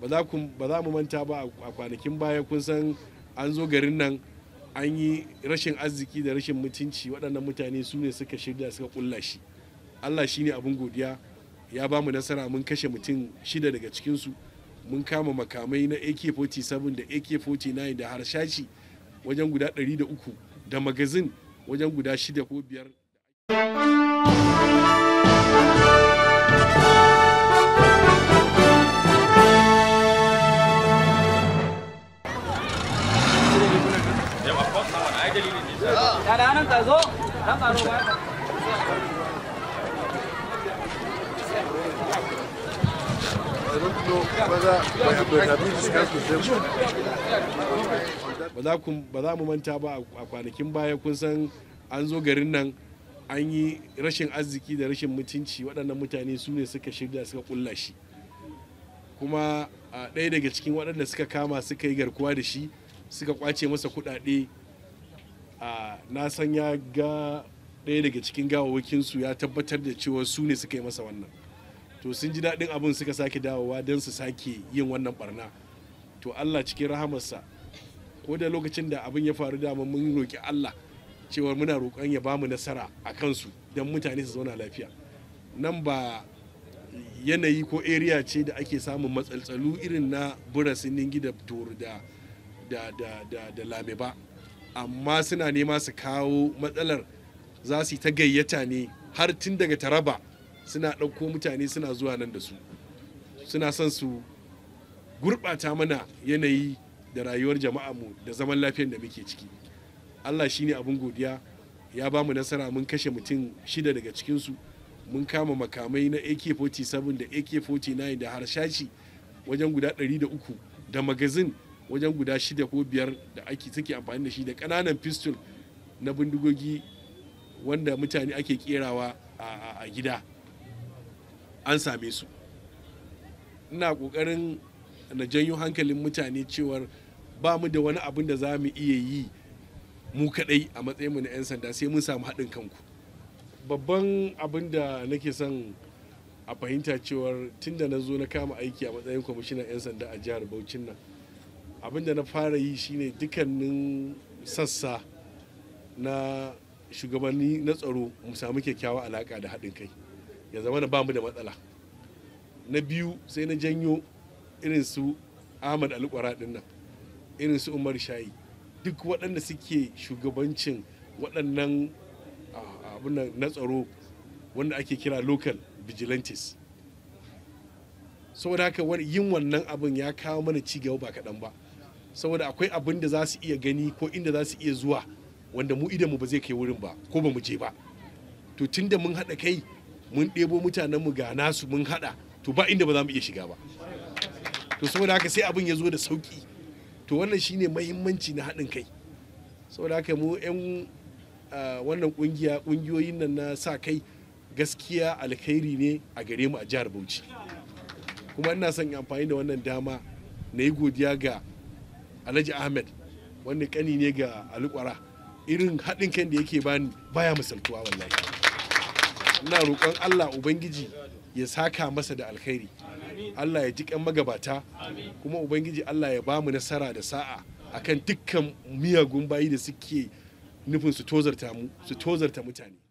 ba za mu manta ba a kwanakin baya kun san an zo garin nan an yi rashin arziki da rashin mutunci waɗannan mutane su ne suka shirya suka kulla shi allah shi ne abin godiya ya ba mu nasara mun kashe mutum shida daga cikinsu mun kama makamai na ak-47 da ak-49 da harshashi wajen guda 300 da magazin wajen guda shida ko biyar. ba za mu manta ba a kwanakin baya kun san an zo garin nan an yi rashin arziki da rashin mutunci waɗannan mutane su ne suka shirya suka kulla shi kuma ɗaya daga cikin waɗanda suka kama suka yi garkuwa da shi suka kwace masa kuɗaɗe na san ya ga ɗaya daga cikin su ya tabbatar da cewa su ne suka yi masa wannan to sun ji daɗin abin suka sake dawowa don su sake yin wannan barna to allah cikin rahamarsa ko da lokacin da abin ya faru dama mun roƙi allah cewa muna roƙon ya bamu nasara a kansu don mutane su zauna lafiya nan ba yanayi ko area ce da ake samun matsaltsalu irin na burasinin gida da da da da lame ba amma suna nema su kawo matsalar za su ta gayyata ne har tun daga taraba suna ɗauko mutane suna zuwa nan da su suna son su gurɓata mana yanayi da rayuwar jama'a mu da zaman lafiyar da muke ciki allah shine abin godiya ya ba mu nasara mun kashe mutum shida daga cikinsu mun kama makamai na ak-47 da ak-49 da harshashi wajen guda 300 da magazin wajen guda shida ko biyar da ake suke amfani da shi da ƙananan pistol na bindigogi wanda mutane ake kerawa a gida an same su ina ƙoƙarin na janyo hankalin mutane cewar ba mu da wani abin da za mu iya yi mu kaɗai a matsayinmu na 'yan sanda sai mun samu haɗin kanku babban abin da nake son a fahimta cewar tunda na zo na kama aiki a matsayin kwamishinan 'yan sanda a jihar Bauchin nan abin da na fara yi shine dukkanin sassa na shugabanni na tsaro mu samu kyakkyawa alaka da haɗin kai ya zama na bamu da matsala na biyu sai na janyo irin su ahmad alƙwara ɗin nan irin su umar shayi duk waɗanda suke shugabancin waɗannan abin na tsaro wanda ake kira local vigilantes saboda haka yin wannan abin ya kawo mana cigaba ba kaɗan ba saboda akwai abin da za su iya gani ko inda za su iya zuwa wanda mu idanmu ba zai kai wurin ba ko ba mu je ba to tun da mun haɗa kai mun ɗebo mutanen mu ga nasu mun haɗa to ba inda ba za mu iya shiga ba to saboda haka sai abin ya zo da sauki to wannan shine mahimmanci na haɗin kai saboda haka mu 'yan wannan kungiya kungiyoyin nan na sa kai gaskiya alkhairi ne a gare mu a jihar bauchi kuma ina son amfani da wannan dama na yi godiya ga alhaji ahmed wanda kani ne ga alikwara irin haɗin kan da yake bani baya misaltuwa wallahi ina roƙon allah ubangiji ya saka masa da alkhairi allah ya ji kan magabata kuma ubangiji allah ya ba mu nasara da sa'a akan dukkan miyagun bayi da suke nufin su tozarta mu su tozarta mutane